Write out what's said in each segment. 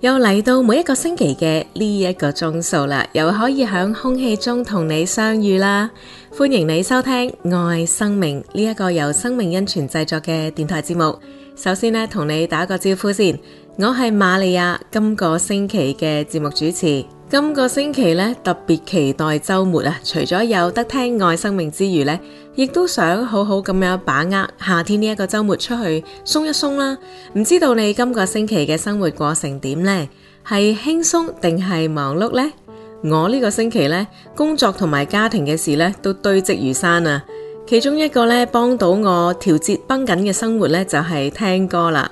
又嚟到每一個星期嘅呢一個鐘數啦，又可以喺空氣中同你相遇啦，歡迎你收聽《愛生命》呢一個由生命恩泉製作嘅電台節目。首先呢，同你打個招呼先，我係瑪利亞，今個星期嘅節目主持。今個星期咧，特別期待周末啊！除咗有得聽愛生命之餘咧，亦都想好好咁樣把握夏天呢一個周末出去鬆一鬆啦。唔知道你今個星期嘅生活過成點呢？係輕鬆定係忙碌呢？我呢個星期咧，工作同埋家庭嘅事咧都堆積如山啊！其中一個咧幫到我調節繃緊嘅生活咧，就係聽歌啦。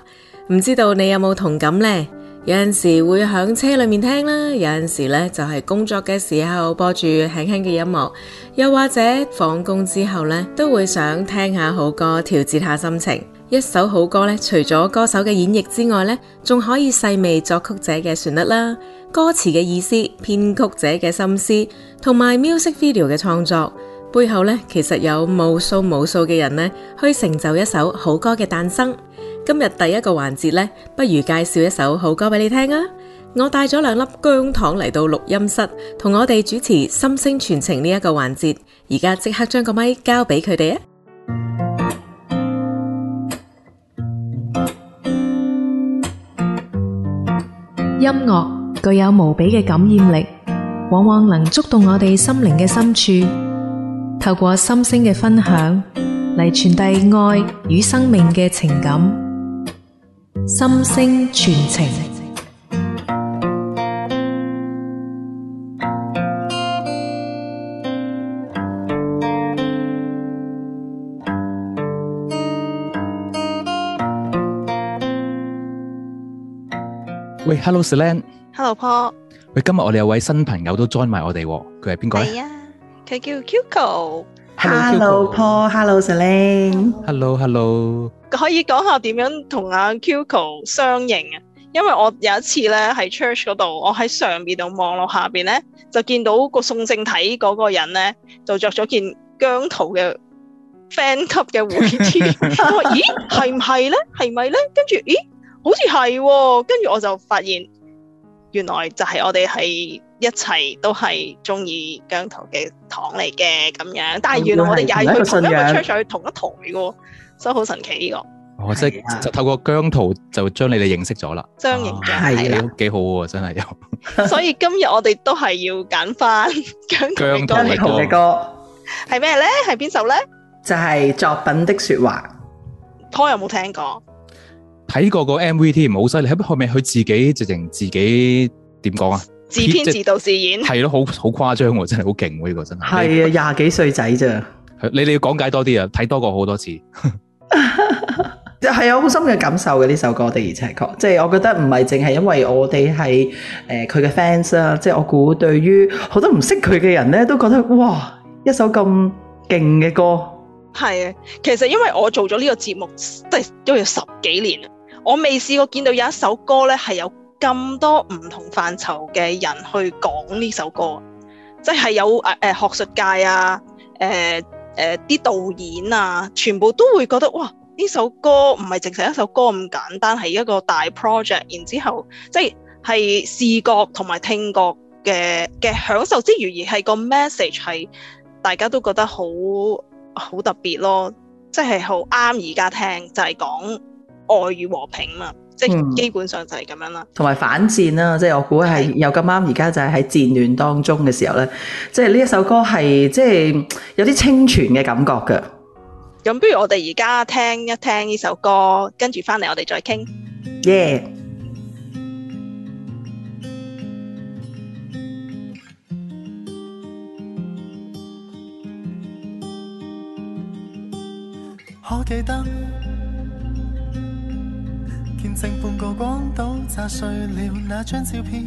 唔知道你有冇同感呢？有陣時會喺車裏面聽啦，有陣時咧就係工作嘅時候播住輕輕嘅音樂，又或者放工之後咧都會想聽下好歌調節下心情。一首好歌咧，除咗歌手嘅演繹之外咧，仲可以細味作曲者嘅旋律啦、歌詞嘅意思、編曲者嘅心思同埋 music video 嘅創作。背後咧，其實有無數無數嘅人呢，去成就一首好歌嘅誕生。今日第一個環節咧，不如介紹一首好歌俾你聽啊！我帶咗兩粒姜糖嚟到錄音室，同我哋主持心聲傳情呢一個環節。而家即刻將個咪交俾佢哋啊！音樂具有無比嘅感染力，往往能觸動我哋心靈嘅深處。透過心聲嘅分享嚟傳遞愛與生命嘅情感，心聲傳情。喂，Hello，Celine。Hello，Paul。喂，今日我哋有位新朋友都 join 埋我哋，佢係邊個？佢叫 Coco。Hello Paul，Hello Selene，Hello Hello。Selene. 可以講下點樣同阿 Coco 相認啊？因為我有一次咧喺 Church 嗰度，我喺上邊度望落下邊咧，就見到個送聖體嗰個人咧，就着咗件姜濤嘅 fan 級嘅護衣。 我話，咦係唔係咧？係咪咧？跟住咦好似係，哦，跟住我就發現原來就係我哋係。一切都係中意姜濤嘅糖嚟嘅咁樣，但係原來我哋又係佢同一個出處，同一台嘅，所以好神奇呢個。哦，即係就透過姜濤就將你哋認識咗啦。姜彥凝係啊，幾好喎，真係有。所以今日我哋都係要揀翻姜濤嘅歌嚟講。姜濤嘅歌係咩咧？係邊首咧？就係作品的說話。濤有冇聽過？睇過個 M V T，好犀利。後尾佢自己直情自己點講啊？自編自導自演係咯，好好誇張喎！真係好勁喎，呢個真係係啊，廿幾歲仔咋？你哋要講解多啲啊，睇多過好多次，就 係 有好深嘅感受嘅呢首歌，的而且確即係我覺得唔係淨係因為我哋係誒佢嘅 fans 啦，即係我估對於好多唔識佢嘅人咧，都覺得哇，一首咁勁嘅歌係啊。其實因為我做咗呢個節目，即係都有十幾年我未試過見到有一首歌咧係有。咁多唔同範疇嘅人去講呢首歌，即係有誒誒、呃、學術界啊，誒、呃、啲、呃、導演啊，全部都會覺得哇！呢首歌唔係淨係一首歌咁簡單，係一個大 project。然之後即係係視覺同埋聽覺嘅嘅享受之餘，而係個 message 係大家都覺得好好特別咯，即係好啱而家聽，就係、是、講愛與和平嘛～即基本上就係咁樣啦，同、嗯、埋反戰啦、啊，即、就、係、是、我估係有咁啱而家就係喺戰亂當中嘅時候咧，即係呢一首歌係即係有啲清泉嘅感覺嘅。咁不如我哋而家聽一聽呢首歌，跟住翻嚟我哋再傾。耶、yeah。記得？剩半個光島，炸碎了那張照片。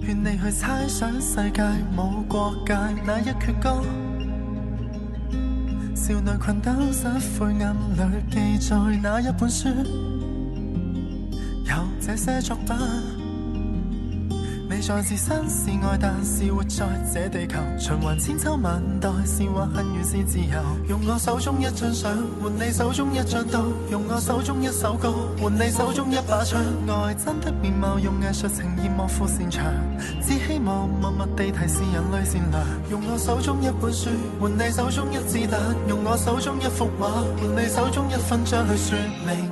願你去猜想世界無國界那一闕歌。少女困兜失灰暗裏記載那一本書。有這些作品。在是愛，但是活在這地球，循環千秋萬代。是或恨，遠是自由。用我手中一張相，換你手中一張刀；用我手中一首歌，換你手中一把槍。愛真的面貌，用藝術呈現莫負擅長，只希望默默地提示人類善良。用我手中一本書，換你手中一子彈；用我手中一幅畫，換你手中一分鐘去說明。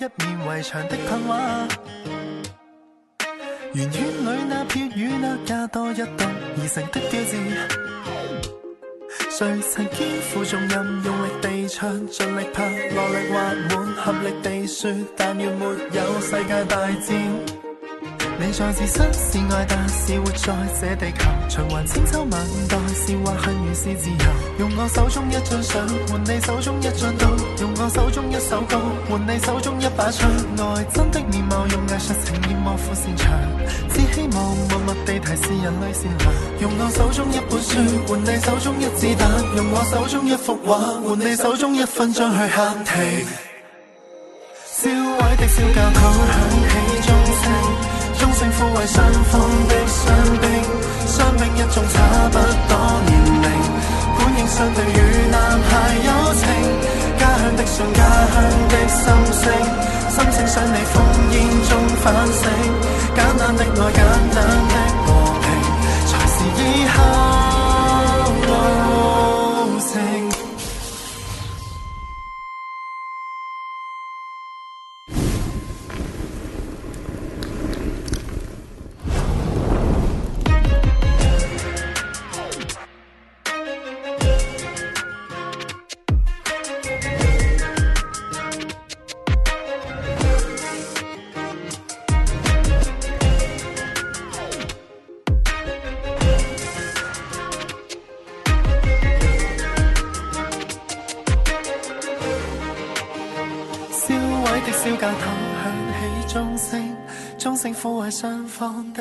一面圍牆的噴畫，圓圈裏那撇雨那加多一棟而成的標誌。誰曾肩負重任，用力地唱，盡力拍，落力畫滿，合力地說，但願沒有世界大戰。你在自失是愛的，但是活在這地球循環千秋萬代，是或恨，原是自由。用我手中一張相，換你手中一張刀；用我手中一首歌，換你手中一把槍。愛真的面貌，用藝術呈現莫富擅長，只希望我默默地提示人類善良。用我手中一本書，換你手中一子彈；用我手中一幅畫，換你手中一分章去客廳，銷毀的小教好響起。正撫慰雙方的傷兵，傷兵一種差不多年齡，本應相對與男孩友情，家鄉的信，家鄉的心聲，心聲想你烽煙中反省，簡單的愛，簡單的和平，才是以後。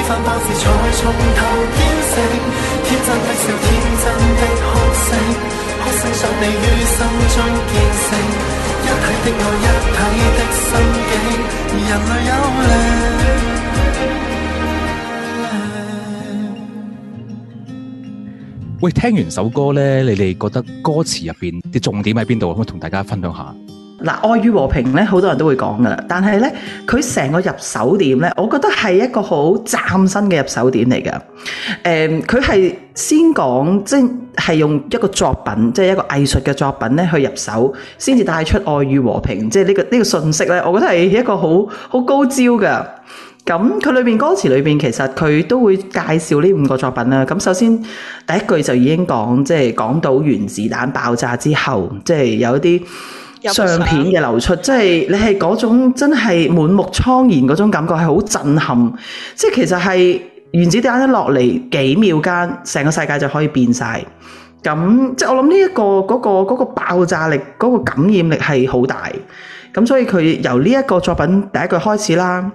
翻百次彩，重頭堅持。天真的笑，天真的哭聲，哭聲想你於心中建城。一體的愛，一體的心境，人類有靈。喂，聽完首歌咧，你哋覺得歌詞入邊啲重點喺邊度？可唔可以同大家分享下？嗱，愛與和平咧，好多人都會講噶啦。但係咧，佢成個入手點咧，我覺得係一個好斬新嘅入手點嚟噶。誒、嗯，佢係先講，即係用一個作品，即係一個藝術嘅作品咧去入手，先至帶出愛與和平，即係呢個呢個信息咧。我覺得係一個好好高招噶。咁佢裏邊歌詞裏邊其實佢都會介紹呢五個作品啦。咁首先第一句就已經講，即係講到原子彈爆炸之後，即係有一啲，相片嘅流出，即、就、係、是、你係嗰種真係滿目瘡痍嗰種感覺，係好震撼。即、就、係、是、其實係原子彈一落嚟幾秒間，成個世界就可以變晒。咁即係我諗呢一個嗰、那個嗰、那個爆炸力，嗰、那個感染力係好大。咁所以佢由呢一個作品第一句開始啦，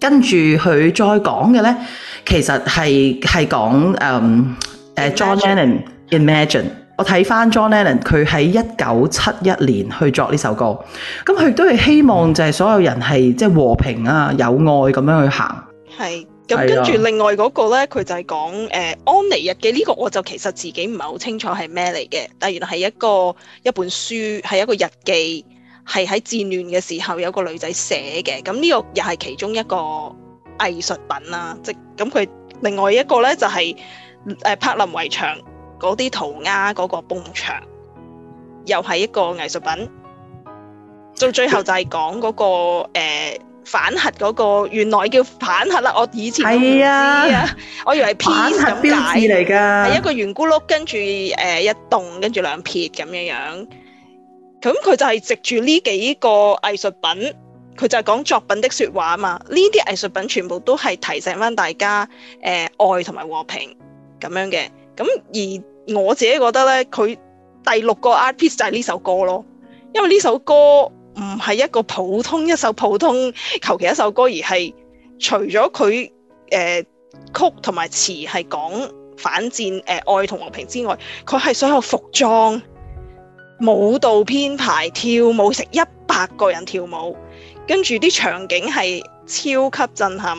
跟住佢再講嘅呢，其實係係講 John Lennon Imagine, Imagine.。我睇翻 John Lennon，佢喺一九七一年去作呢首歌，咁佢都係希望就係所有人係即係和平啊、有愛咁樣去行。係咁，跟住另外嗰個咧，佢就係講誒《安妮日記》呢個，我就其實自己唔係好清楚係咩嚟嘅，但原來係一個一本書，係一個日記，係喺戰亂嘅時候有個女仔寫嘅。咁呢個又係其中一個藝術品啦。即咁佢另外一個咧就係、是、誒柏林圍牆。嗰啲塗鴉嗰個崩牆，又係一個藝術品。到最後就係講嗰、那個、呃、反核嗰、那個，原來叫反核啦。我以前係啊、哎呀，我以為係偏咁解嚟㗎，係一個圓咕碌，跟住誒、呃、一棟，跟住兩撇咁樣樣。咁佢就係藉住呢幾個藝術品，佢就係講作品的説話啊嘛。呢啲藝術品全部都係提醒返大家誒、呃、愛同埋和平咁樣嘅。咁而我自己覺得咧，佢第六個 art piece 就係呢首歌咯，因為呢首歌唔係一個普通一首普通求其一首歌，而係除咗佢誒曲同埋詞係講反戰、誒、呃、愛同和，和平之外，佢係所有服裝、舞蹈編排、跳舞，成一百個人跳舞，跟住啲場景係超級震撼。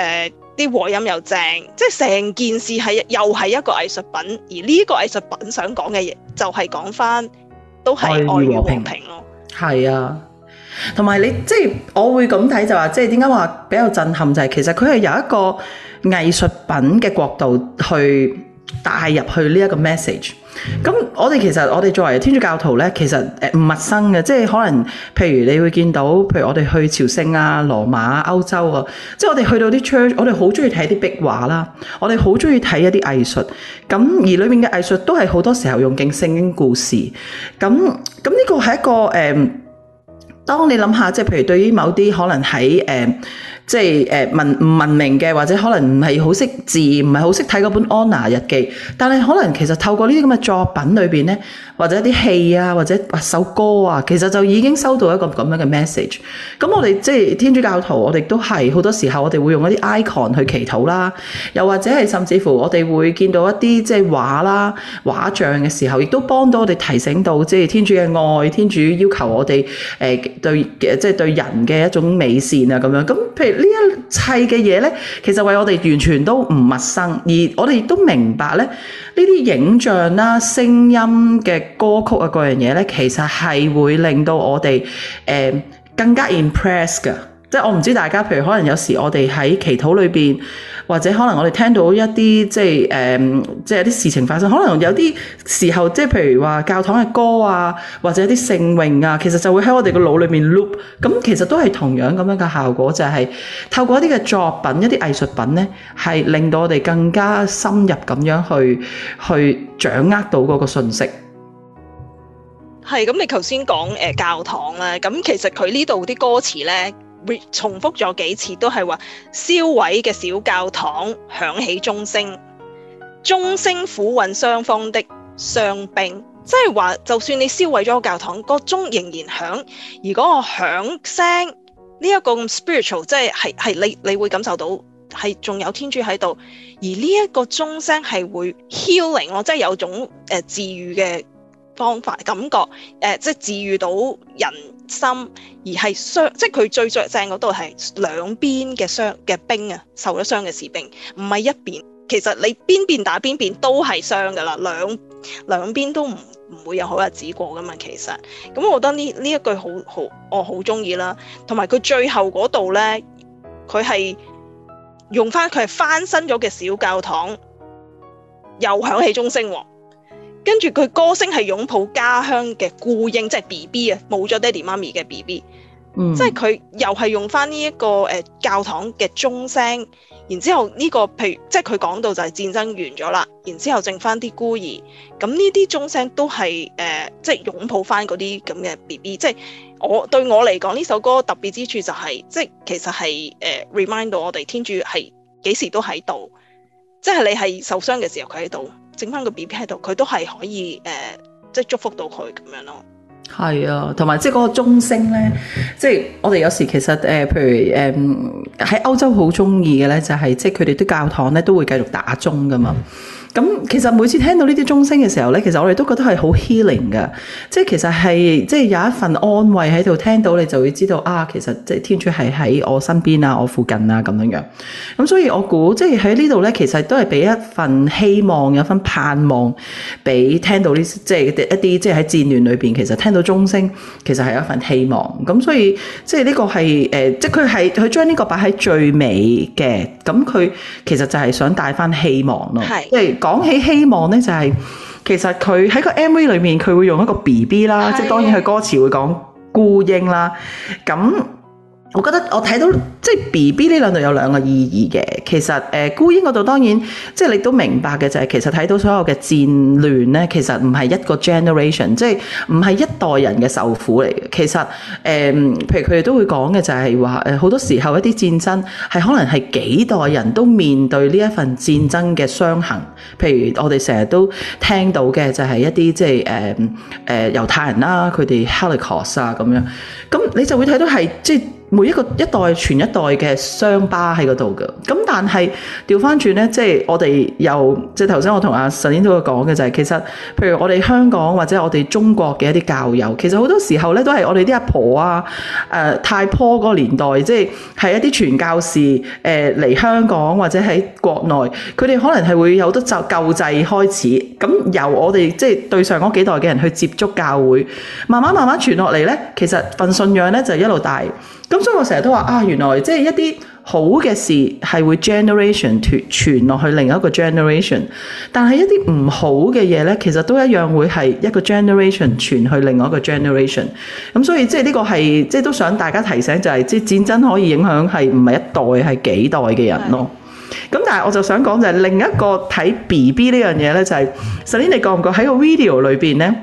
誒，啲和音又正，即係成件事係又係一個藝術品，而呢個藝術品想講嘅嘢就係講翻都係愛和平愛和平咯，係啊，同埋你即係我會咁睇就話、是，即係點解話比較震撼就係、是，其實佢係由一個藝術品嘅角度去帶入去呢一個 message。咁我哋其實我哋作為天主教徒咧，其實誒唔陌生嘅。即係可能，譬如，你會見到，譬如我哋去朝聖啊、羅馬啊、歐洲啊，即係我哋去到啲 church，我哋好中意睇啲壁畫啦，我哋好中意睇一啲藝術，咁而裏面嘅藝術都係好多時候用緊聖經故事，咁咁呢個係一個誒、嗯，當你諗下，即係譬如對於某啲可能喺誒。嗯即係誒、呃、文唔文明嘅，或者可能唔係好識字，唔係好識睇嗰本《安娜日記》，但係可能其實透過呢啲咁嘅作品裏面咧，或者一啲戲啊，或者首歌啊，其實就已經收到一個咁樣嘅 message。咁我哋即係天主教徒，我哋都係好多時候，我哋會用一啲 icon 去祈禱啦。又或者係甚至乎我哋會見到一啲即係畫啦、畫像嘅時候，亦都幫到我哋提醒到即係、就是、天主嘅愛。天主要求我哋誒、呃、對即係、就是、對人嘅一種美善啊咁樣。咁譬如呢一切嘅嘢咧，其實為我哋完全都唔陌生，而我哋亦都明白咧。呢啲影像啦、啊、聲音嘅歌曲啊，各樣嘢呢，其實係會令到我哋、呃、更加 impress 㗎。即係我唔知大家，譬如可能有時我哋喺祈禱裏面，或者可能我哋聽到一啲即係誒，即係有啲事情發生，可能有啲時候，即係譬如話教堂嘅歌啊，或者啲聖詠啊，其實就會喺我哋個腦裏面 loop。咁其實都係同樣咁樣嘅效果，就係、是、透過一啲嘅作品、一啲藝術品咧，係令到我哋更加深入咁樣去去掌握到嗰個信息。係咁，你頭先講誒教堂啦、啊、咁其實佢呢度啲歌詞咧。重複咗幾次都係話，燒毀嘅小教堂響起鐘聲，鐘聲苦勻雙方的傷病，即係話，就算你燒毀咗個教堂，個鐘仍然響。而嗰個響聲呢一個咁 spiritual，即係係係你你會感受到係仲有天主喺度，而呢一個鐘聲係會 healing 咯，即係有種、呃、治癒嘅。方法感覺誒、呃，即係治愈到人心，而係傷，即係佢最著正嗰度係兩邊嘅傷嘅兵啊，受咗傷嘅士兵，唔係一邊。其實你邊邊打邊邊都係傷噶啦，兩兩邊都唔唔會有好日子過噶嘛。其實，咁我覺得呢呢一句好好，我好中意啦。同埋佢最後嗰度咧，佢係用翻佢係翻新咗嘅小教堂，又響起鐘聲喎。跟住佢歌聲係擁抱家鄉嘅孤嬰，即係 B B 啊，冇咗爹哋媽咪嘅 B B、嗯。即係佢又係用翻呢一個誒、呃、教堂嘅鐘聲，然之後呢、呢個譬如即係佢講到就係戰爭完咗啦，然之後剩翻啲孤兒，咁呢啲鐘聲都係誒、呃、即係擁抱翻嗰啲咁嘅 B B。即係我對我嚟講呢首歌特別之處就係、是、即係其實係誒 remind 到我哋天主係幾時都喺度，即係你係受傷嘅時候佢喺度。整翻個 B B 喺度，佢都係可以誒、呃，即係祝福到佢咁樣咯。係啊，同埋即係嗰個鐘聲咧，即係我哋有時其實誒、呃，譬如誒喺歐洲好中意嘅咧，就係即係佢哋啲教堂咧都會繼續打鐘噶嘛。咁其實每次聽到呢啲鐘聲嘅時候咧，其實我哋都覺得係好 healing 嘅，即其實係即有一份安慰喺度，聽到你就會知道啊，其實即天主係喺我身邊啊，我附近啊咁樣樣。咁所以我估即係喺呢度咧，其實都係俾一份希望，有份盼望，俾聽到呢即係一啲即係喺戰亂裏面。其實聽到鐘聲，其實係有一份希望。咁所以即係呢個係誒即佢係佢將呢個擺喺最尾嘅，咁佢其實就係想帶翻希望咯，即講起希望呢，就係、是、其實佢喺個 MV 裏面，佢會用一個 BB 啦，即當然佢歌詞會講孤鷹啦，咁。我覺得我睇到即 B B 呢兩度有兩個意義嘅。其實誒孤、呃、英嗰度當然即你都明白嘅，就係、是、其實睇到所有嘅戰亂咧，其實唔係一個 generation，即唔係一代人嘅受苦嚟嘅。其實誒、呃，譬如佢哋都會講嘅就係話好多時候一啲戰爭係可能係幾代人都面對呢一份戰爭嘅傷痕。譬如我哋成日都聽到嘅就係一啲即係誒猶太人啦、啊，佢哋 Holocaust 啊咁樣。咁你就會睇到係即係。每一個一代傳一代嘅傷疤喺嗰度㗎，咁但係掉返轉咧，即係我哋又即係頭先我同阿神軒都講嘅就係、是、其實，譬如我哋香港或者我哋中國嘅一啲教友，其實好多時候咧都係我哋啲阿婆啊，誒、呃、太婆嗰年代，即係係一啲傳教士誒嚟、呃、香港或者喺國內，佢哋可能係會有啲就救濟開始，咁由我哋即係對上嗰幾代嘅人去接觸教會，慢慢慢慢傳落嚟咧，其實份信仰咧就一路大。咁所以我成日都話啊，原來即係一啲好嘅事係會 generation 傳落去另一個 generation，但係一啲唔好嘅嘢咧，其實都一樣會係一個 generation 傳去另外一個 generation。咁所以即係呢個係即係都想大家提醒就係，即係戰爭可以影響係唔係一代係幾代嘅人咯。咁但係我就想講就係另一個睇 BB 呢樣嘢咧，就係首先你覺唔覺喺個 video 裏邊咧？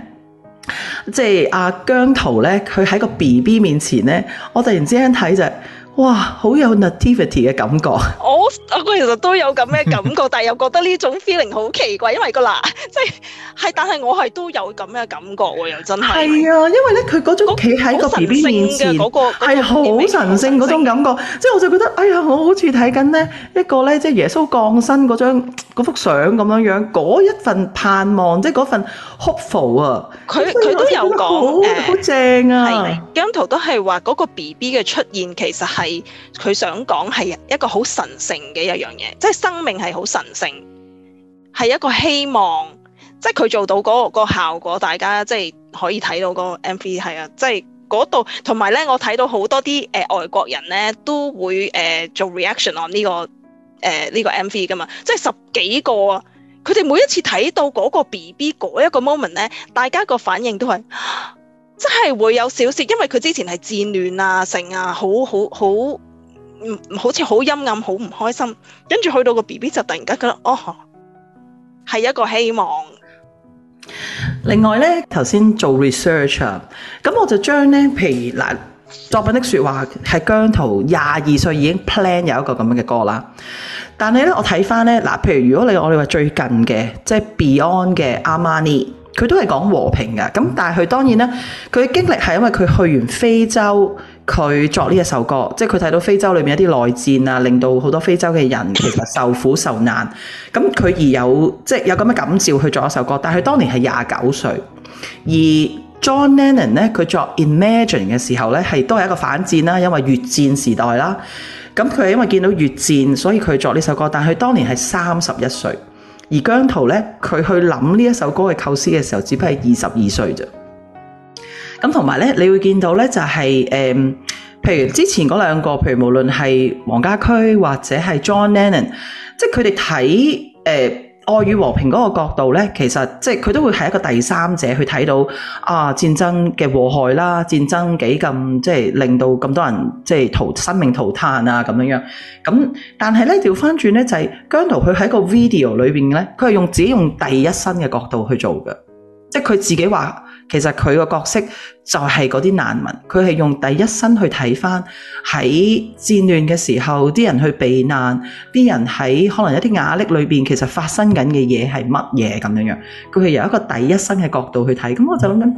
即係阿姜濤咧，佢喺個 BB 面前咧，我突然之間睇就，哇，好有 nativity 嘅感覺。我我其實都有咁嘅感覺，但係又覺得呢種 feeling 好奇怪，因為個嗱，即係係，但係我係都有咁嘅感覺喎，又真係。係啊，因為咧，佢嗰種企喺個 B B 面前，係好神聖嗰種感覺，即係我就覺得，哎呀，我好似睇緊咧一個咧，即係耶穌降生嗰張嗰幅相咁樣樣，嗰一份盼望，即係嗰份 hopeful 啊。佢佢都有講，好正啊。姜濤都係話嗰個 B B 嘅出現，其實係佢想講係一個好神聖嘅一樣嘢，即係生命係好神聖，係一個希望，即係佢做到嗰個效果，大家即係可以睇到嗰個 MV 係啊，即係嗰度，同埋咧，我睇到好多啲誒外國人咧都會誒、呃、做 reaction on 呢、呢個誒呢、呃呢個 MV 噶嘛，即係十幾個啊，佢哋每一次睇到嗰個 BB 嗰一個 moment 咧，大家個反應都係真係會有少少，因為佢之前係戰亂啊、成啊，好好好。很很好似好陰暗，好唔開心。跟住去到個 B B 就突然間覺得，哦，係一個希望。另外呢，頭先做 research 啊，咁我就將呢，譬如嗱，作品的説話係姜濤廿二歲已經 plan 有一個咁樣嘅歌啦。但係呢，我睇翻呢，嗱，譬如如果你我哋話最近嘅，即係 Beyond 嘅 Amani，佢都係講和平嘅。咁但係佢當然咧，佢嘅經歷係因為佢去完非洲。佢作呢一首歌，即係佢睇到非洲裏面一啲內戰啊，令到好多非洲嘅人其實受苦受難。咁佢而有即係有咁嘅感召去作一首歌。但係佢當年係廿九歲。而 John Lennon 咧，佢作 Imagine 嘅時候咧，係都係一個反戰啦，因為越戰時代啦。咁佢係因為見到越戰，所以佢作呢首歌。但係佢當年係三十一歲。而姜濤咧，佢去諗呢一首歌嘅構思嘅時候，只不過係二十二歲啫。咁同埋咧，你會見到咧，就係、是、誒、呃，譬如之前嗰兩個，譬如無論係黃家駒或者係 John Lennon，即係佢哋睇誒，愛與和平嗰個角度咧，其實即係佢都會係一個第三者去睇到啊戰爭嘅禍害啦，戰爭幾咁即係令到咁多人即係塗生命塗炭啊咁樣樣。咁但係咧調翻轉咧，就係姜濤佢喺個 video 裏邊咧，佢係用自己用第一身嘅角度去做嘅，即係佢自己話。其實佢個角色就係嗰啲難民，佢係用第一身去睇返喺戰亂嘅時候啲人去避難，啲人喺可能一啲瓦礫裏面，其實發生緊嘅嘢係乜嘢咁樣樣，佢係由一個第一身嘅角度去睇，咁我就諗緊，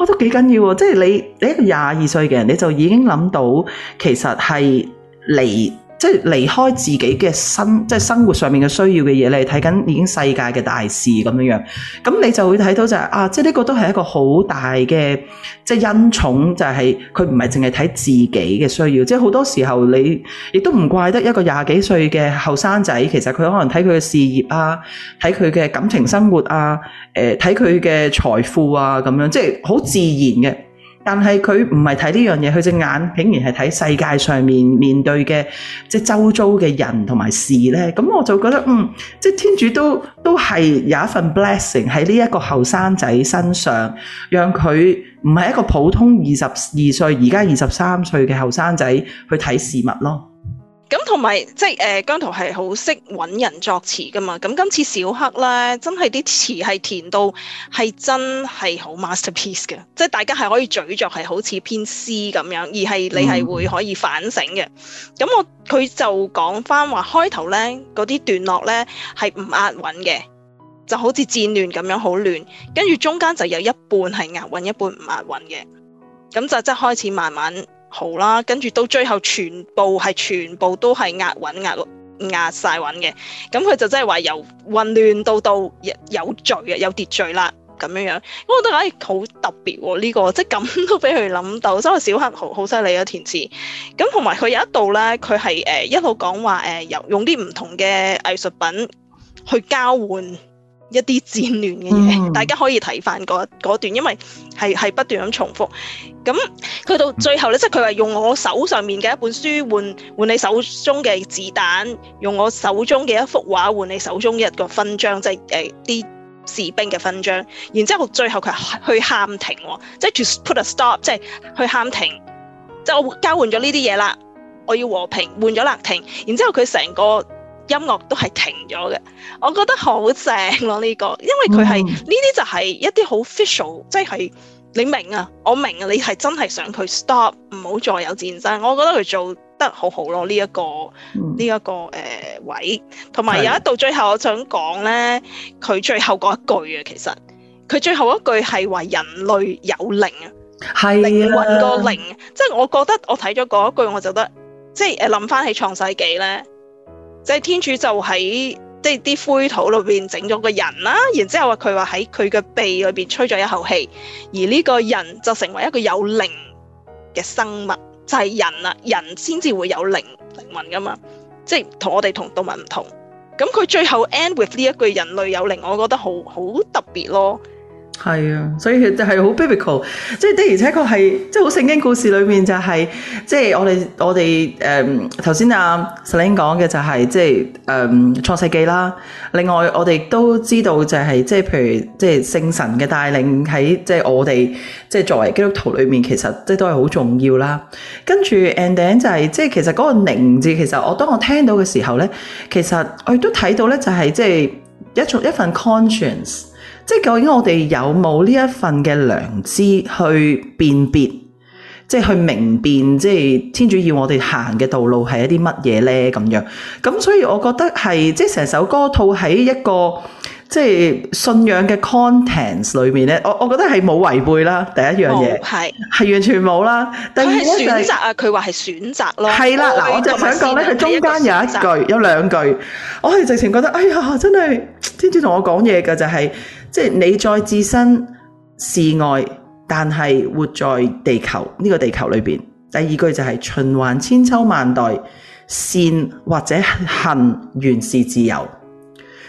我都幾緊要喎，即係你你一個廿二歲嘅人你就已經諗到其實係嚟。即係離開自己嘅生，即係生活上面嘅需要嘅嘢，你睇緊已經世界嘅大事咁樣樣，咁你就會睇到就係、是、啊，即係呢個都係一個好大嘅即係恩寵，就係佢唔係淨係睇自己嘅需要，即係好多時候你亦都唔怪得一個廿幾歲嘅後生仔，其實佢可能睇佢嘅事業啊，睇佢嘅感情生活啊，誒、呃，睇佢嘅財富啊，咁樣即係好自然嘅。但係佢唔係睇呢樣嘢，佢隻眼竟然係睇世界上面面對嘅即周遭嘅人同埋事呢。咁我就覺得，嗯，即天主都都係有一份 blessing 喺呢一個後生仔身上，讓佢唔係一個普通二十二歲而家二十三歲嘅後生仔去睇事物囉。咁同埋即係誒姜濤係好識揾人作詞噶嘛？咁今次小黑呢，真係啲詞係填到係真係好 masterpiece 嘅，即係大家係可以咀嚼係好似篇詩咁樣，而係你係會可以反省嘅。咁、嗯、我佢就講翻話開頭呢嗰啲段落呢係唔押韻嘅，就好似戰亂咁樣好亂，跟住中間就有一半係押韻，一半唔押韻嘅，咁就即係開始慢慢。好啦，跟住到最後全部係全部都係壓韻，壓壓曬韻嘅，咁佢就真係話由混亂到到有序啊，有秩序啦咁樣樣，我覺得唉好、哎、特別喎、啊、呢、呢個，即係咁都俾佢諗到，所以小黑好好犀利啊填詞。咁同埋佢有一度咧，佢係誒一路講話誒由用啲唔同嘅藝術品去交換。一啲戰亂嘅嘢，mm-hmm. 大家可以睇翻嗰段，因為係係不斷咁重複。咁佢到最後咧，即係佢話用我手上面嘅一本書換換你手中嘅子彈，用我手中嘅一幅畫換你手中嘅一個勛章，即係誒啲士兵嘅勛章。然之後最後佢去喊停喎，即係 to put a stop，即係去喊停，即、mm-hmm. 係、就是就是、我交換咗呢啲嘢啦，我要和平，換咗立停。然之後佢成個。音樂都係停咗嘅，我覺得好正咯呢個，因為佢係呢啲就係一啲好 official，即係你明啊，我明啊，你係真係想佢 stop，唔好再有戰爭。我覺得佢做得好好咯呢一個呢一、嗯，這個誒、呃、位，同埋有，有一到最後，我想講呢，佢最後嗰一句啊，其實佢最後一句係話人類有靈啊，靈魂個靈，即係我覺得我睇咗嗰一句，我就得即係誒諗翻起創世紀呢。即係天主就喺即係啲灰土裏邊整咗個人啦，然之後佢話喺佢嘅鼻裏邊吹咗一口氣，而呢個人就成為一個有靈嘅生物，就係人啦，人先至會有靈，靈魂噶嘛，即係同我哋同動物唔同。咁佢最後 end with 呢一句人類有靈，我覺得好好特別咯。係啊，所以佢就係好 biblical，即的而且確係即好聖經故事裏面就係、是、即、就是、我哋我哋誒頭先啊 Selina 講嘅就係即誒創世記啦。另外我哋都知道就係、是、即譬如即、就是、聖神嘅帶領喺即我哋即、就是、作為基督徒裏面其實即都係好重要啦。跟住 and then 就係、是、即、就是、其實嗰個寧字其實我當我聽到嘅時候咧，其實我亦都睇到咧就係即一種一份 conscience。即究竟我哋有冇呢一份嘅良知去辨別，即係去明辨，即係天主要我哋行嘅道路係一啲乜嘢咧？咁樣，咁，所以我覺得係即係成首歌套喺一個即係信仰嘅 contents 裏面咧，我我覺得係冇違背啦。第一樣嘢係係完全冇啦。第二樣就係、是、選擇啊，佢話係選擇咯，係啦，嗱，我就想講咧，佢中間有一句一有兩句，我係直情覺得哎呀，真係天主同我講嘢嘅就係、是。即係你在置身世外，但是活在地球這個地球裏面。第二句就是循環千秋萬代，善或者行原是自由，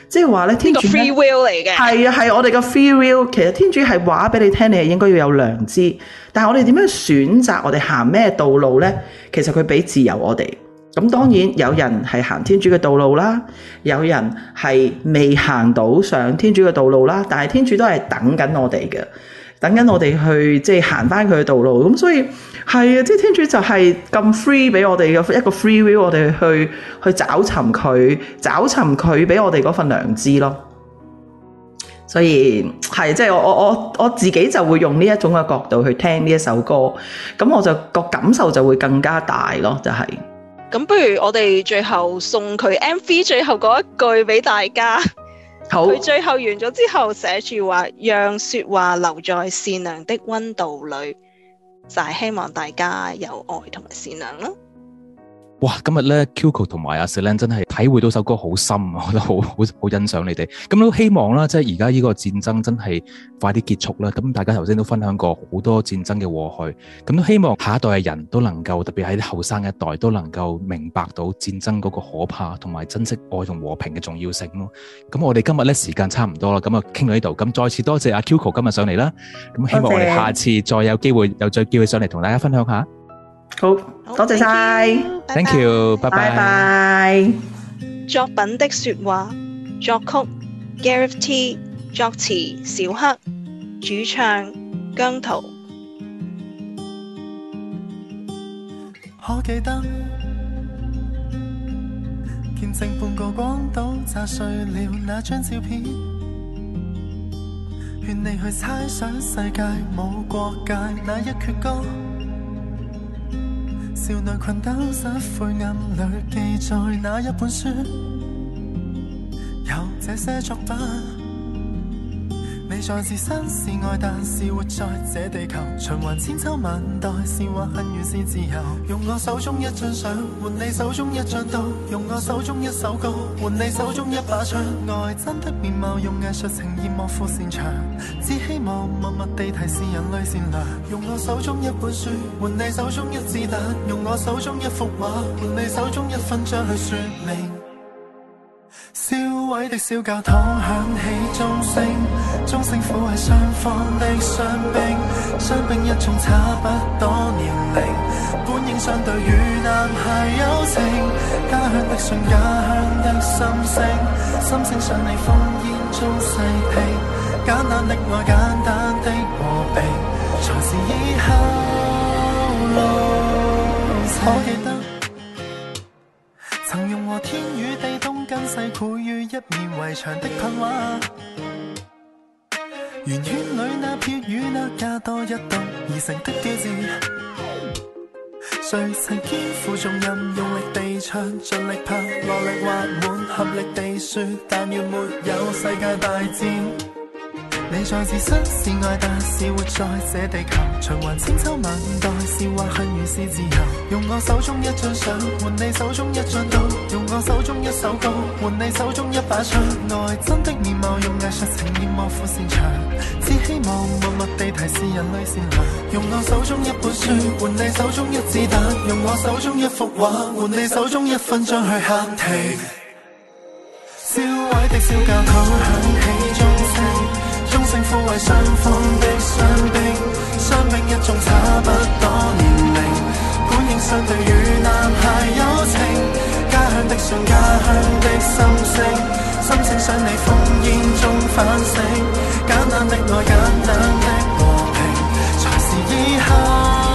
即是說咧，天主咧係、這個、我哋個 free will。其實天主是話俾你聽，你應該要有良知，但是我哋點樣選擇，我哋行咩道路呢？其實佢俾自由我哋。咁當然有人係行天主嘅道路啦，有人係未行到上天主嘅道路啦。但係天主都係等緊我哋嘅，等緊我哋去即係行返佢嘅道路。咁所以係啊，即係天主就係咁 free 俾我哋嘅一個 free will，我哋去去找尋佢，找尋佢俾我哋嗰份良知咯。所以係即係我我我我自己就會用呢一種嘅角度去聽呢一首歌，咁我就、個感受就會更加大咯，就係、是。咁不如我哋最後送佢 MV 最後嗰一句俾大家。好。佢最後完咗之後寫住話，讓說話留在善良的溫度裏，就係希望大家有愛同埋善良咯。哇！今日咧，Coco 同埋阿 Selen 真係體會到首歌好深，我都好好好欣賞你哋。咁都希望啦，即係而家呢個戰爭真係快啲結束啦。咁大家頭先都分享過好多戰爭嘅過去，咁都希望下一代嘅人都能夠，特別喺啲後生一代，都能夠明白到戰爭嗰個可怕同埋珍惜愛同和，和平嘅重要性咯。咁我哋今日咧時間差唔多啦，咁啊傾到呢度。咁再次多謝阿 Coco 今日上嚟啦。咁希望我哋下次再有機會又再機會上嚟同大家分享下。好，好，多謝晒，Thank you，拜拜，thank you bye bye 拜拜。作品的說話作曲 Gareth T，作詞小黑，主唱姜濤。可記得見證半個廣島炸碎了那張照片，勸你去猜想世界冇國界那一闕歌。少女裙兜，失悔暗裏記載那一本書，有這些作品。你在是身是愛，但是活在這地球，循環千秋萬代。是或恨怨是自由，用我手中一張相，換你手中一張刀；用我手中一首歌，換你手中一把槍。愛真的面貌，用藝術情意莫負擅長。只希望默默地提示人類善良。用我手中一本書，換你手中一支彈；用我手中一幅畫，換你手中一分章去說明。海的小教堂響起鐘聲，鐘聲撫慰雙方的傷兵，傷兵一眾差不多年齡，本應相對於男孩友情。家鄉的信，家鄉的心聲，心聲想你烽煙中細聽，簡單的愛，簡單的和平，才是以後路可以等。繪於一面圍牆的噴畫，圓圈裏那撇雨，那加多一棟而成的標誌，誰曾肩負重任，用力地唱，盡力拍，落力畫滿，滿合力地說，但願沒有世界大戰。你在自身是愛的，但是活在這地球循環千秋萬代，是話恨怨是自由。用我手中一張相，換你手中一張刀；用我手中一首歌，換你手中一把槍。內心的面貌用藝術呈現，莫負擅場，只希望默默地提示人類善良。用我手中一本書，換你手中一支彈；用我手中一幅畫，換你手中一分鐘去喊停。燒毀的小教堂響起鐘聲。鐘聲撫慰雙方的傷兵，傷兵一眾差不多年齡，本應相對與男孩友情，家鄉的信家鄉的心聲，心聲想你烽煙中反省，簡單的愛簡單的和平，才是以後。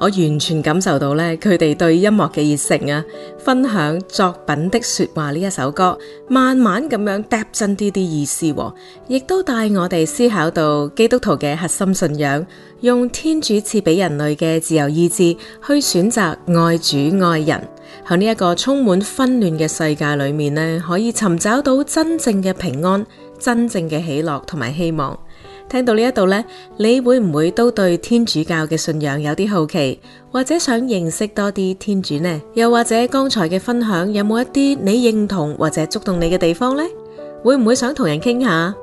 我完全感受到呢，佢哋對音樂嘅熱情啊！分享作品的說話呢一首歌，慢慢咁樣踏進啲啲意思，亦都帶我哋思考到基督徒嘅核心信仰，用天主賜給人類嘅自由意志去選擇愛主愛人，喺呢一個充滿紛亂嘅世界裏面呢，可以尋找到真正嘅平安、真正嘅喜樂同埋希望。聽到呢一度咧，你會唔會都對天主教嘅信仰有啲好奇，或者想認識多啲天主呢？又或者剛才嘅分享有冇一啲你認同或者觸動你嘅地方呢？會唔會想同人傾下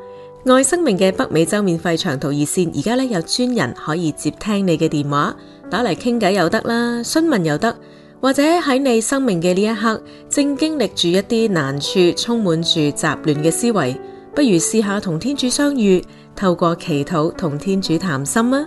愛生命嘅北美洲免費長途熱線？而家咧有專人可以接聽你嘅電話，打嚟傾偈又得啦，詢問又得，或者喺你生命嘅呢一刻正經歷住一啲難處，充滿住雜亂嘅思維，不如試下同天主相遇。透過祈禱同天主談心啊，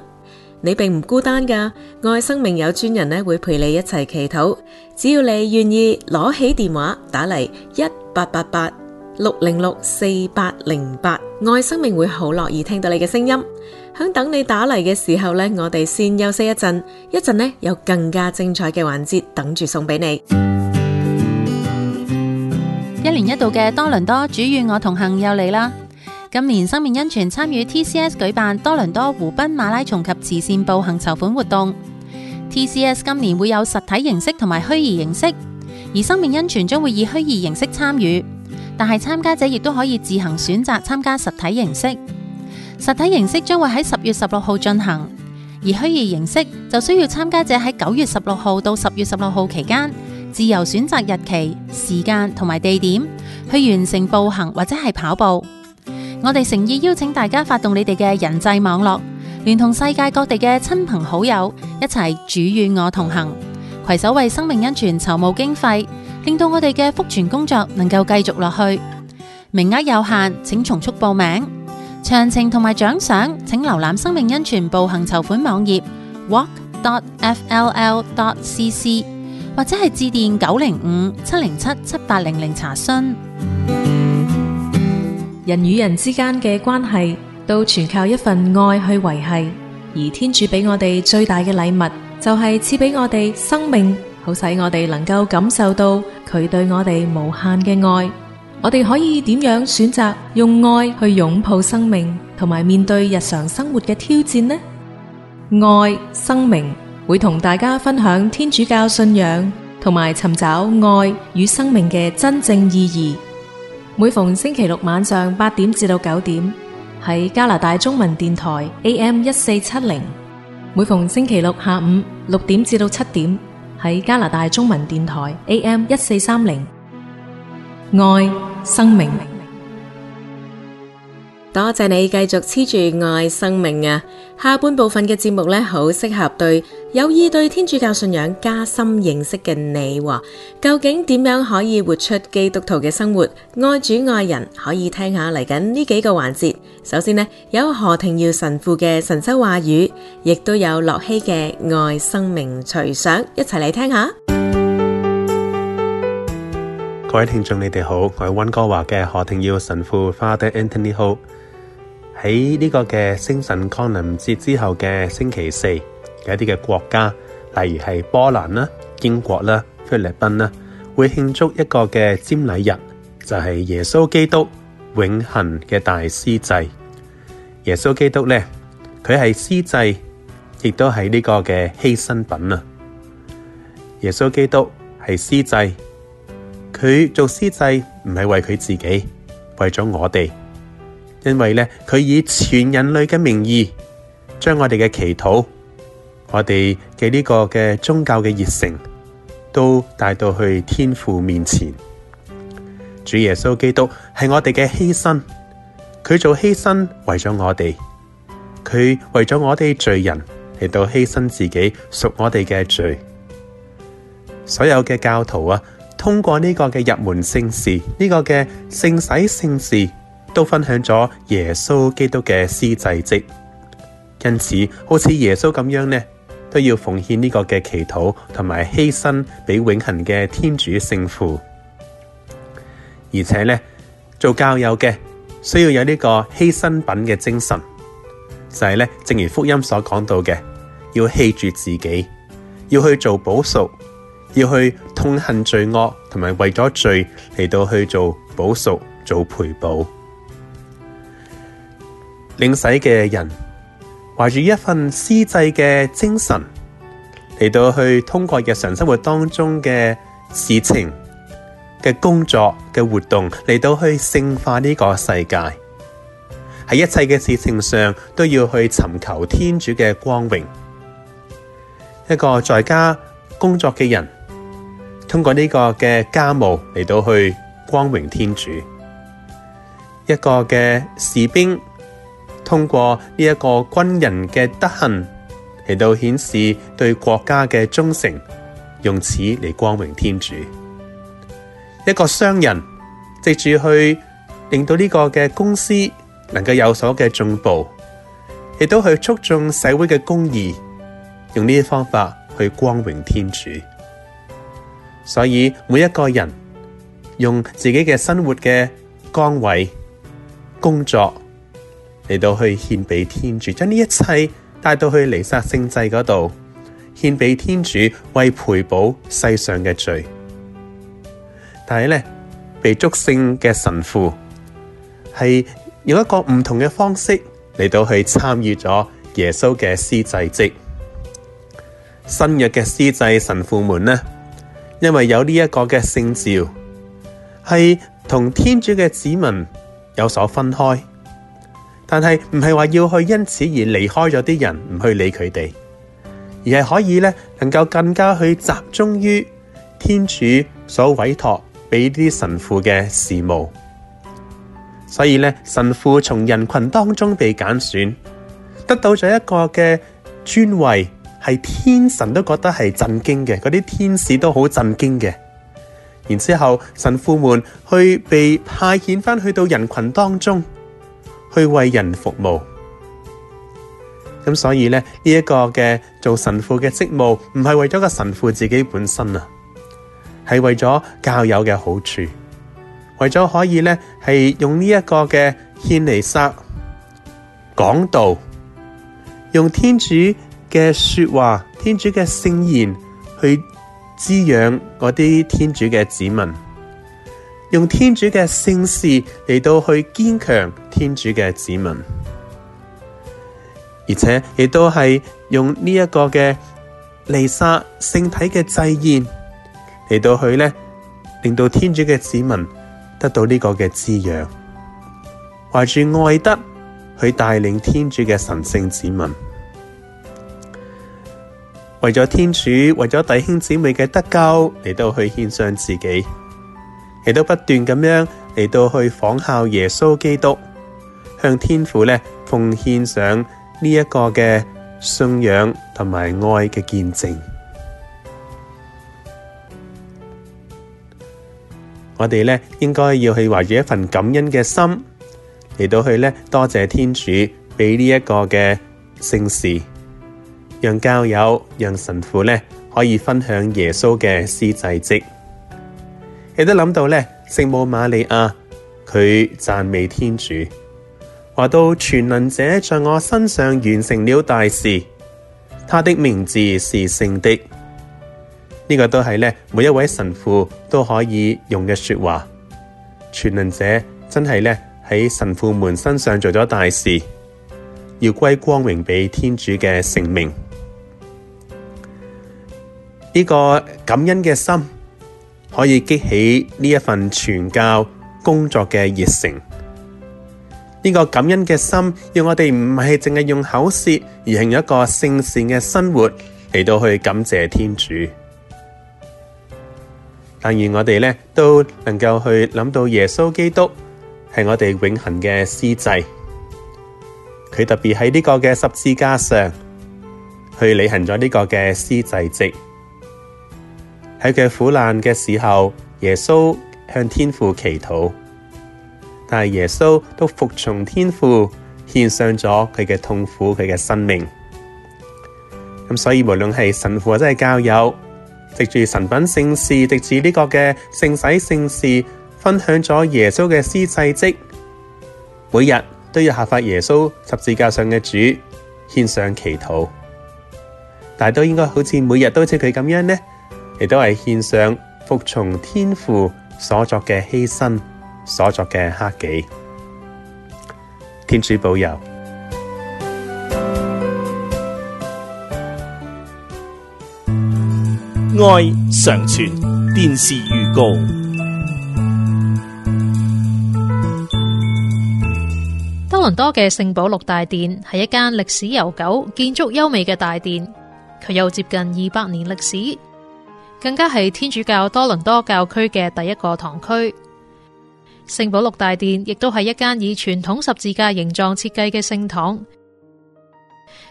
你並唔孤單噶，愛生命有專人咧會陪你一齊祈禱，只要你願意攞起電話打嚟一八八八六零六四八零八，愛生命會好樂意聽到你嘅聲音。響等你打嚟嘅時候咧，我哋先休息一陣，一陣咧有更加精彩嘅環節等住送俾你。一年一度嘅多倫多主與我同行又嚟啦。今年生命恩泉參與 TCS 舉辦多倫多湖濱馬拉松及慈善步行籌款活動。TCS 今年會有實體形式同埋虛擬形式，而生命恩泉將會以虛擬形式參與，但係參加者亦都可以自行選擇參加實體形式。實體形式將會喺十月十六號進行，而虛擬形式就需要參加者喺九月十六號到十月十六號期間自由選擇日期、時間同埋地點去完成步行或者係跑步。我哋誠意邀請大家發動你哋嘅人際網絡，聯同世界各地嘅親朋好友一齊主與我同行，攜手為生命恩泉籌募經費，令到我哋嘅福傳工作能夠繼續落去。名額有限，請從速報名。詳情同埋獎賞，請瀏覽生命恩泉步行籌款網頁 walk.fll.cc，或者係致電九零五七零七七八零零查詢。人與人之間嘅關係都全靠一份愛去維繫。而天主俾我哋最大嘅禮物就是賜俾我哋生命，好使我哋能夠感受到佢對我哋無限嘅愛。我哋可以點樣選擇用愛去擁抱生命同埋面對日常生活嘅挑戰呢？愛、生命，會同大家分享天主教信仰同埋尋找愛與生命嘅真正意義。每逢星期六晚上八點至到九點，喺加拿大中文電台 AM 一四七零；每逢星期六下午六點至到七點，喺加拿大中文電台 AM 一四三零。愛生命。多謝你繼續黐住愛生命啊！下半部分嘅節目呢，好適合對有意對天主教信仰加深認識嘅你哦。究竟點樣可以活出基督徒嘅生活？愛主愛人，可以聽下嚟緊呢幾個環節。首先呢，有何庭耀神父嘅神修話語，亦都有樂希嘅愛生命隨想，一齊嚟聽下。各位聽眾，你哋好，我係溫哥華嘅何庭耀神父 Father Anthony Ho。喺呢個嘅聖神降臨節之後嘅星期四有一啲嘅國家，例如係波蘭啦、英國啦、菲律賓啦，會慶祝一個嘅瞻禮日，就係耶穌基督永恆嘅大司祭。耶穌基督咧，佢係司祭，亦都係呢個嘅犧牲品啊！耶穌基督係司祭，佢做司祭唔係為佢自己，為咗我哋。因為呢，佢以全人類嘅名義，將我哋嘅祈禱、我哋嘅呢個嘅宗教嘅熱誠，都帶到去天父面前。主耶穌基督係我哋嘅犧牲，佢做犧牲為咗我哋，佢為咗我哋罪人嚟到犧牲自己贖我哋嘅罪。所有嘅教徒啊，通過呢個嘅入門聖事，呢、這個嘅聖洗聖事，都分享咗耶穌基督嘅司祭職，因此好似耶穌咁樣呢，都要奉獻呢個嘅祈禱同埋犧牲俾永恆嘅天主聖父。而且呢，做教友嘅需要有呢個犧牲品嘅精神，就係呢，正如福音所講到嘅，要棄住自己，要去做補贖，要去痛恨罪惡，同埋為咗罪嚟到去做補贖做賠補。領洗嘅人，懷住一份施祭嘅精神嚟到去，通過日常生活當中嘅事情嘅工作嘅活動嚟到去聖化呢個世界。喺一切嘅事情上都要去尋求天主嘅光榮。一個在家工作嘅人，通過呢個嘅家務嚟到去光榮天主。一個嘅士兵。通過呢一個軍人嘅德行嚟到顯示對國家嘅忠誠，用此嚟光榮天主。一個商人藉住去令到呢個嘅公司能夠有所嘅進步，亦都去促進社會嘅公義，用呢啲方法去光榮天主。所以每一個人用自己嘅生活嘅崗位工作嚟到去獻俾天主，將呢一切帶到去彌撒聖祭嗰度獻俾天主，為賠補世上嘅罪。但係呢，被祝聖嘅神父係用一個唔同嘅方式嚟到去參與咗耶穌嘅施祭職。新約嘅施祭神父們呢，因為有呢一個嘅聖召，係同天主嘅子民有所分開。但係唔係話要去因此而離開咗啲人，唔去理佢哋，而係可以咧能夠更加去集中於天主所委託俾啲神父嘅事務。所以咧，神父從人群當中被揀選，得到咗一個嘅尊位，係天神都覺得係震驚嘅，嗰啲天使都好震驚嘅。然之後，神父們去被派遣翻去到人群當中。去為人服務，咁所以咧，呢一個嘅做神父嘅職務唔係為咗個神父自己本身啊，係為咗教友嘅好處，為咗可以咧係用呢一個嘅獻彌撒講道，用天主嘅說話、天主嘅聖言去滋養嗰啲天主嘅子民，用天主嘅聖事嚟到去堅強。天主嘅子民，而且亦都係用呢一個嘅彌撒聖體嘅祭獻嚟到去咧，令到天主嘅子民得到呢個嘅滋養，懷住愛德去帶領天主嘅神聖子民，為咗天主，為咗弟兄姊妹嘅得救嚟到去獻上自己，亦都不斷咁樣嚟到去仿效耶穌基督。向天父咧奉獻上呢一個嘅信仰同埋愛嘅見證。我哋咧應該要去懷着一份感恩嘅心嚟到去咧，多謝天主俾呢一個嘅聖事，讓教友、讓神父咧可以分享耶穌嘅施祭職。亦都諗到咧，聖母瑪利亞佢讚美天主。話到全能者在我身上完成了大事，他的名字是聖的。呢、這個都是每一位神父都可以用嘅說話。全能者真係咧喺神父們身上做咗大事，要歸光榮俾天主嘅聖名。呢、這個感恩嘅心可以激起呢一份傳教工作嘅熱誠。呢、這個感恩嘅心，要我哋唔係淨係用口舌，而係用一個聖善嘅生活嚟到去感謝天主。當然我哋都能夠去諗到耶穌基督係我哋永恆嘅司祭。佢特別喺呢個嘅十字架上去履行咗呢個嘅司祭職。喺佢苦難嘅時候，耶穌向天父祈禱。但係耶穌都服從天父，獻上咗佢嘅痛苦，佢嘅生命。咁所以無論係神父或者係教友，藉住神品聖事，藉住呢個嘅聖洗聖事，分享咗耶穌嘅司祭職，每日都要效法耶穌十字架上嘅主，獻上祈禱。但係都應該好似每日都似佢咁樣呢，亦都係獻上服從天父所作嘅犧牲。所作嘅黑記，天主保佑，愛常存。電視預告：多倫多嘅聖保祿大殿係一間歷史悠久、建築優美嘅大殿，佢有接近二百年歷史，更加係天主教多倫多教區嘅第一個堂區。聖保六大殿亦都係一間以傳統十字架形狀設計嘅聖堂，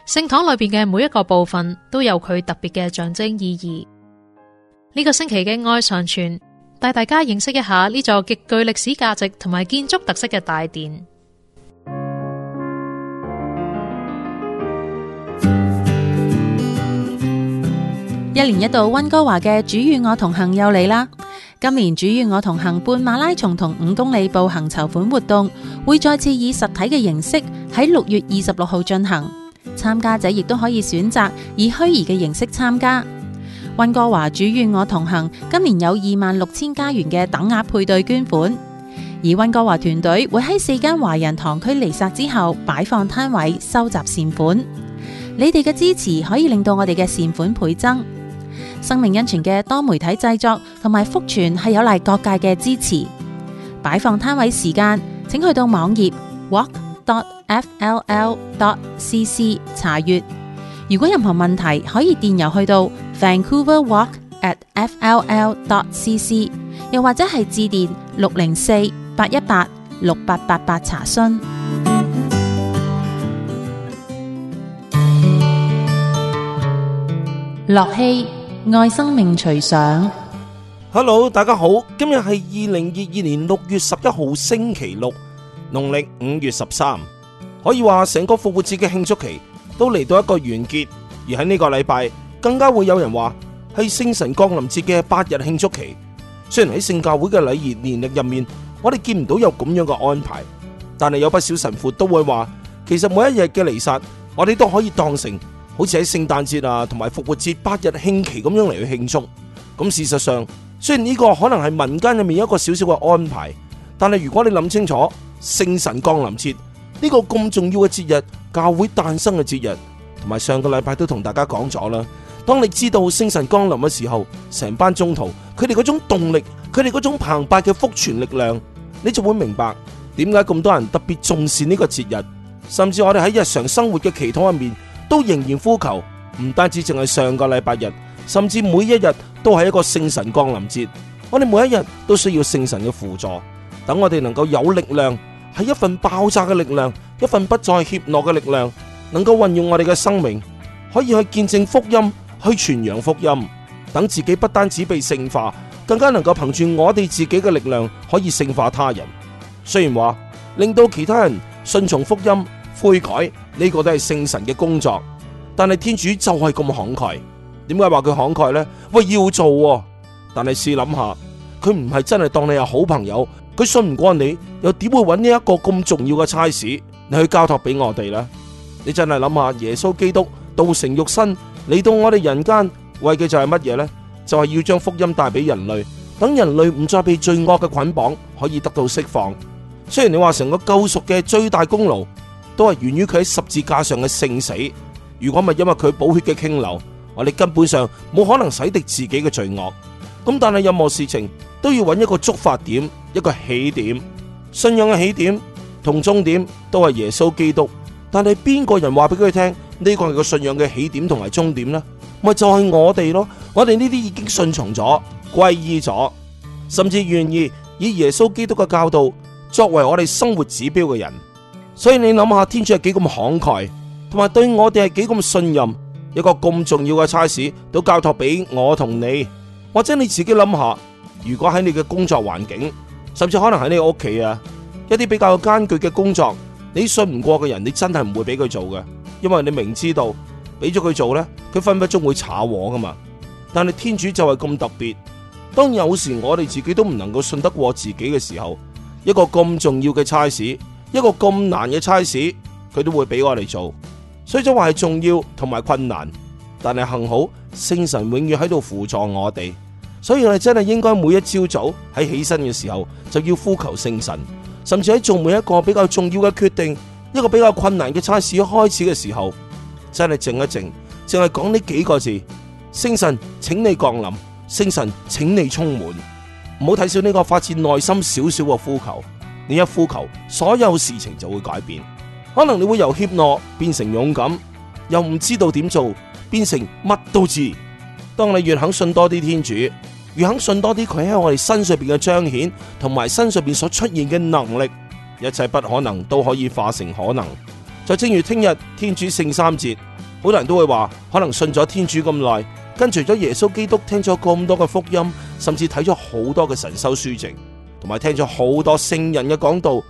聖堂裏邊嘅每一個部分都有佢特別嘅象徵意義。呢個星期嘅愛上傳帶大家認識一下呢座極具歷史價值同埋建築特色嘅大殿。一年一度溫哥華嘅主與我同行又嚟啦！今年主願我同行半馬拉松同五公里步行籌款活動會再次以實體嘅形式喺六月二十六號進行，參加者亦都可以選擇以虛擬嘅形式參加。溫哥華主願我同行今年有二萬六千加元嘅等額配對捐款，而溫哥華團隊會喺四間華人堂區彌撒之後擺放攤位收集善款，你哋嘅支持可以令到我哋嘅善款倍增。生命恩泉嘅多媒體製作同埋福傳係有賴各界嘅支持。擺放攤位時間，請去到網頁 walk.fll.cc 查閱。如果任何問題，可以電郵去到 vancouverwalk@fll.cc，又或者係致電六零四八一八六八八八查詢。樂器。愛生命隨想，Hello，大家好，今日係二零二二年六月十一號星期六，農曆五月十三，可以話成個復活節嘅慶祝期都嚟到一個完結而喺呢個禮拜更加會有人話係聖神降臨節嘅八日慶祝期。雖然喺聖教會嘅禮儀年曆入面，我哋見唔到有咁樣嘅安排，但係有不少神父都會話，其實每一日嘅彌撒，我哋都可以當成。好似喺聖誕節啊，同埋復活節八日慶期咁樣嚟去慶祝。咁事實上，雖然呢個可能係民間入面一個少少嘅安排，但係如果你諗清楚聖神降臨節呢個咁重要嘅節日，教會誕生嘅節日，同埋上個禮拜都同大家講咗啦。當你知道聖神降臨嘅時候，成班宗徒佢哋嗰種動力，佢哋嗰種澎湃嘅福傳力量，你就會明白點解咁多人特別重視呢個節日，甚至我哋喺日常生活嘅祈禱入面。都仍然呼求，唔單止淨係上個禮拜日，甚至每一日都係一個聖神降臨節。我哋每一日都需要聖神嘅輔助，等我哋能夠有力量，係一份爆炸嘅力量，一份不再怯懦嘅力量，能夠運用我哋嘅生命，可以去見證福音，去傳揚福音，等自己不單止被聖化，更加能夠憑住我哋自己嘅力量，可以聖化他人。雖然話令到其他人信從福音，悔改。呢個都係聖神嘅工作，但係天主就係咁慷慨，點解話佢慷慨呢？喂，要做啊，但係試諗下，佢唔係真係當你係好朋友，佢信唔過你，又點會揾呢一個咁重要嘅差事，你去交託俾我哋呢？你真係諗下，耶穌基督道成肉身嚟到我哋人間，為嘅就係乜嘢呢？就係要將福音帶俾人類，等人類唔再被罪惡嘅捆綁，可以得到釋放。雖然你話成個救贖嘅最大功勞。但係，所以你諗下，天主係幾咁慷慨，同埋對我哋係幾咁信任，一個咁重要嘅差事都交託俾我同你。或者你自己諗下，如果喺你嘅工作環境，甚至可能喺你屋企啊，一啲比較艱巨嘅工作，你信唔過嘅人，你真係唔會俾佢做嘅，因為你明知道俾咗佢做呢，佢分分鐘會炒我噶嘛。但係天主就係咁特別，當有時我哋自己都唔能夠信得過自己嘅時候，一個咁重要嘅差事。一個咁難嘅差事，佢都會俾我哋做，所以就話係重要同埋困難。但係幸好聖神永遠喺度輔助我哋，所以我哋真係應該每一朝早喺起身嘅時候就要呼求聖神，甚至喺做每一個比較重要嘅決定、一個比較困難嘅差事開始嘅時候，真係靜一靜，淨係講呢幾個字：聖神，請你降臨；聖神，請你充滿。唔好睇小呢個發自內心少少嘅呼求。你一呼求，所有事情就會改變。可能你會由怯懦變成勇敢，又唔知道點做，變成乜都知道。當你越肯信多啲天主，越肯信多啲佢喺我哋身上邊嘅彰顯，同埋身上邊所出現嘅能力，一切不可能都可以化成可能。就正如聽日天，天主聖三節，好多人都會話，可能信咗天主咁耐，跟隨咗耶穌基督，聽咗咁多嘅福音，甚至睇咗好多嘅神修書籍。同埋聽咗好多聖人嘅講道，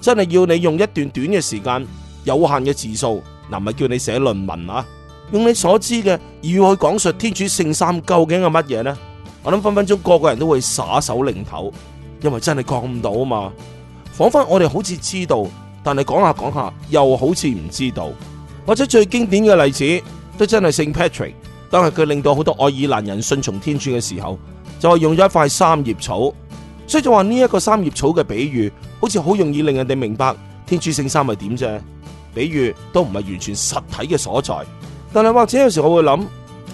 真係要你用一段短嘅時間，有限嘅字數，嗱，唔係叫你寫論文啊！用你所知嘅要去講述天主聖三究竟係乜嘢呢？我諗分分鐘個個人都會耍手擰頭，因為真係講唔到啊嘛！彷彿我哋好似知道，但係講下講下又好似唔知道，或者最經典嘅例子都真係聖 Patrick，當日佢令到好多愛爾蘭人信從天主嘅時候，就係用咗一塊三葉草。所以就話呢一個三葉草嘅比喻，好似好容易令人哋明白天主聖三係點啫。比喻都唔係完全實體嘅所在。但係或者有時我會諗，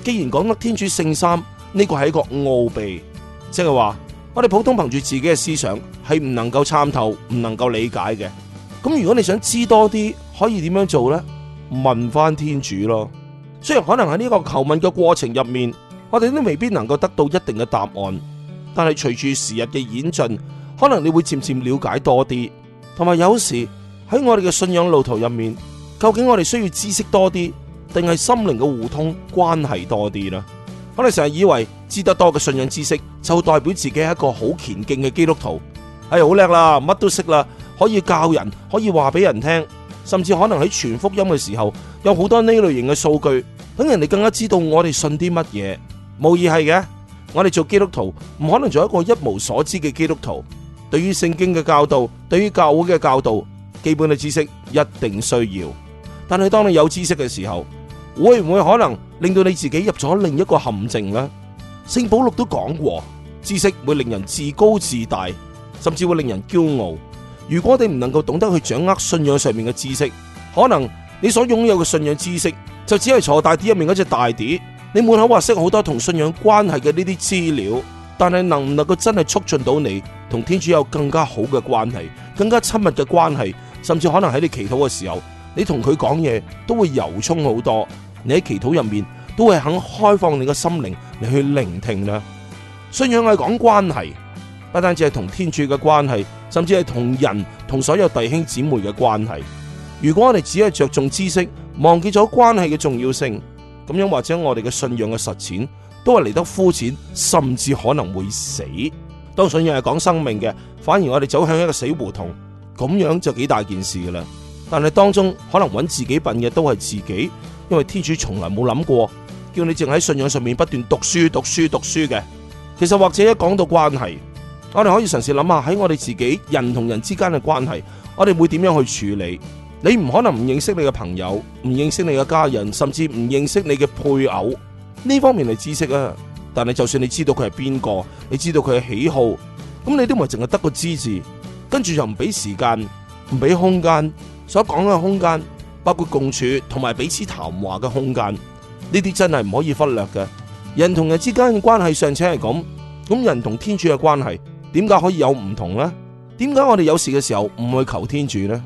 既然講得天主聖三呢個係一個奧秘，即係話我哋普通憑住自己嘅思想係唔能夠參透、唔能夠理解嘅。咁如果你想知多啲，可以點樣做呢？問翻天主咯。雖然可能喺呢個求問嘅過程入面，我哋都未必能夠得到一定嘅答案。但係隨住時日嘅演進，可能你會漸漸了解多啲，同埋有，有時喺我哋嘅信仰路途入面，究竟我哋需要知識多啲，定係心靈嘅互通關係多啲呢？我哋成日以為知得多嘅信仰知識，就代表自己係一個好虔敬嘅基督徒，哎，好叻啦，乜都識啦，可以教人，可以話俾人聽，甚至可能喺傳福音嘅時候，有好多呢類型嘅數據，等人哋更加知道我哋信啲乜嘢，無疑係嘅。我哋做基督徒唔可能做一個一無所知嘅基督徒，對於聖經嘅教導，對於教會嘅教導，基本嘅知識一定需要。但係當你有知識嘅時候，會唔會可能令到你自己入咗另一個陷阱咧？聖保祿都講過，知識會令人自高自大，甚至會令人驕傲。如果你唔能夠懂得去掌握信仰上面嘅知識，可能你所擁有嘅信仰知識就只係坐大碟入面嗰隻大碟。你滿口話識好多同信仰關係嘅呢啲資料，但係能唔能夠真係促進到你同天主有更加好嘅關係，更加親密嘅關係，甚至可能喺你祈禱嘅時候，你同佢講嘢都會由衷好多。你喺祈禱入面都會肯開放你嘅心靈嚟去聆聽啦。信仰係講關係，不單止係同天主嘅關係，甚至係同人、同所有弟兄姊妹嘅關係。如果我哋只係着重知識，忘記咗關係嘅重要性。咁樣或者我哋嘅信仰嘅實踐都係嚟得膚淺，甚至可能會死。當信仰係講生命嘅，反而我哋走向一個死胡同，咁樣就幾大件事㗎喇。但係當中可能揾自己笨嘅都係自己，因為天主從來冇諗過叫你淨喺信仰上面不斷讀書、讀書、讀書嘅。其實或者一講到關係，我哋可以嘗試諗下，喺我哋自己人同人之間嘅關係，我哋會點樣去處理？你唔可能唔認識你嘅朋友，唔認識你嘅家人，甚至唔認識你嘅配偶，呢方面係知識啊！但係就算你知道佢係邊個，你知道佢嘅喜好，咁你都唔係淨係得個知字，跟住就唔俾時間，唔俾空間，所講嘅空間，包括共處同埋彼此談話嘅空間，呢啲真係唔可以忽略嘅。人同人之間嘅關係尚且係咁，咁人同天主嘅關係點解可以有唔同呢？點解我哋有事嘅時候唔去求天主呢？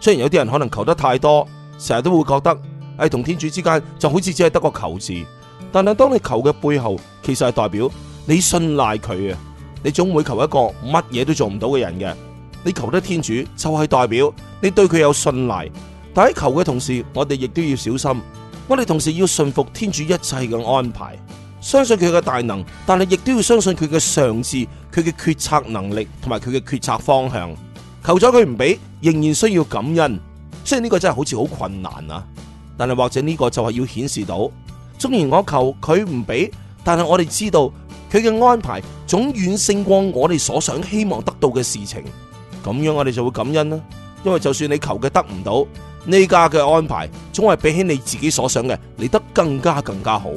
雖然有啲人可能求得太多，成日都會覺得係同、哎、天主之間就好似只係得個求字，但係當你求嘅背後，其實係代表你信賴佢啊！你總會求一個乜嘢都做唔到嘅人嘅，你求得天主就係、是、代表你對佢有信賴。但喺求嘅同時，我哋亦都要小心，我哋同時要信服天主一切嘅安排，相信佢嘅大能，但係亦都要相信佢嘅上智，佢嘅決策能力同埋佢嘅決策方向。求咗佢唔俾，仍然需要感恩。雖然呢個真係好似好困難啊，但係或者呢個就係要顯示到，雖然我求佢唔俾，但係我哋知道佢嘅安排總遠勝過我哋所想希望得到嘅事情。咁樣我哋就會感恩啦。因為就算你求嘅得唔到，呢家嘅安排總係比起你自己所想嘅嚟，得更加更加好。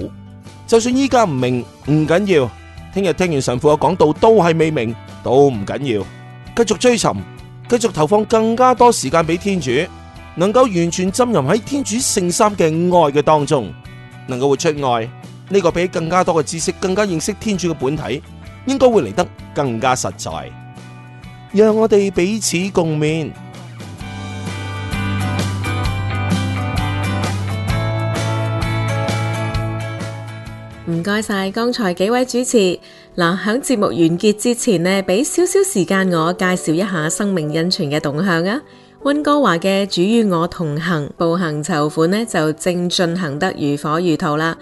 就算依家唔明唔緊要，聽日聽完神父嘅講道都係未明都唔緊要，繼續追尋。繼續投放更加多時間俾天主，能夠完全浸淫喺天主聖三嘅愛嘅當中，能夠活出愛呢個，俾更加多嘅知識，更加認識天主嘅本體，應該會嚟得更加實在。讓我哋彼此共勉。唔該晒剛才幾位主持。嗱，喺節目完結之前呢，俾少少時間我介紹一下生命恩泉嘅動向啊！溫哥華嘅主與我同行步行籌款呢，就正進行得如火如荼啦！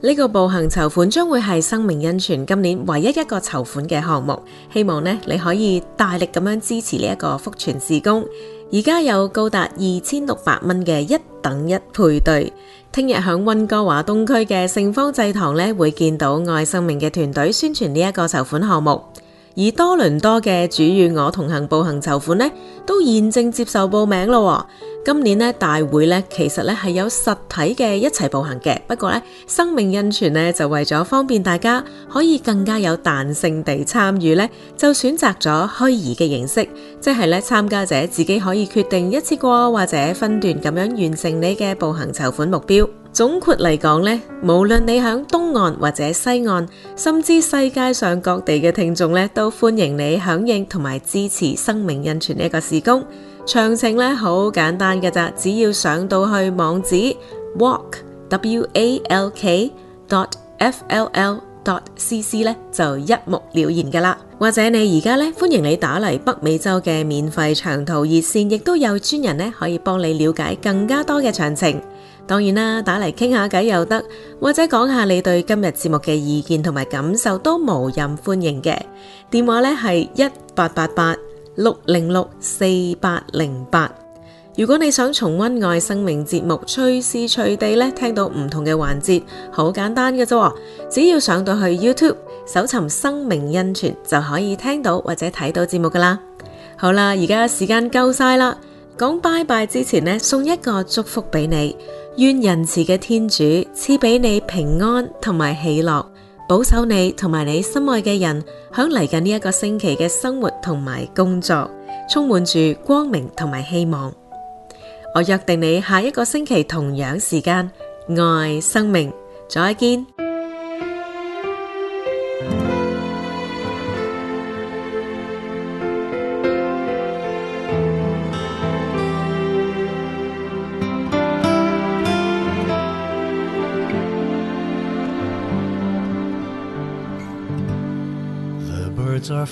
呢個步行籌款將會係生命恩泉今年唯一一個籌款嘅項目，希望呢你可以大力咁樣支持呢一個福傳事工，而家有高達二千六百蚊嘅一等一配對。聽日喺溫哥華東區嘅聖方濟堂咧，會見到愛生命嘅團隊宣傳呢一個籌款項目。而多倫多嘅主與我同行步行籌款呢，都現正接受報名咯。今年咧，大會咧，其實咧係有實體嘅一齊步行嘅，不過咧，生命恩泉咧就為咗方便大家可以更加有彈性地參與咧，就選擇咗虛擬嘅形式，即係咧，參加者自己可以決定一次過或者分段咁樣完成你嘅步行籌款目標。總括嚟講咧，無論你響東岸或者西岸，甚至世界上各地嘅聽眾咧，都歡迎你響應同埋支持生命印傳呢一個事工。詳情咧好簡單㗎咋，只要上到去網址 w a l k w a l k f l l c c 咧，就一目了然噶啦。或者你而家咧，歡迎你打嚟北美洲嘅免費長途熱線，亦都有專人咧可以幫你了解更加多嘅詳情。當然啦，打嚟傾下偈又得，或者講下你對今日節目嘅意見同埋感受都無任歡迎嘅。電話咧係一八八八六零六四八零八。如果你想重温愛生命節目，隨時隨地咧聽到唔同嘅環節，好簡單嘅啫，只要上到去 YouTube 搜尋生命恩泉就可以聽到或者睇到節目噶啦。好啦，而家時間夠曬啦，講拜拜之前呢，送一個祝福俾你。願仁慈嘅天主賜俾你平安同埋喜樂，保守你同埋你心愛嘅人，響嚟緊呢一個星期嘅生活同埋工作，充滿住光明同埋希望。我約定你下一個星期同樣時間，愛生命，再見。